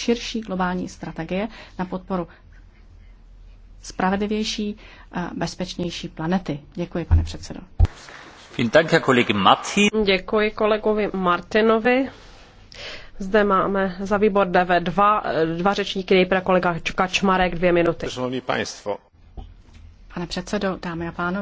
širší globální strategie na podporu spravedlivější, bezpečnější planety. Děkuji, pane předsedo. Děkuji kolegovi Martinovi. Zde máme za výbor DV dva, dva řečníky, nejprve kolega Kačmarek, dvě minuty. Pane předsedo, dámy a pánové,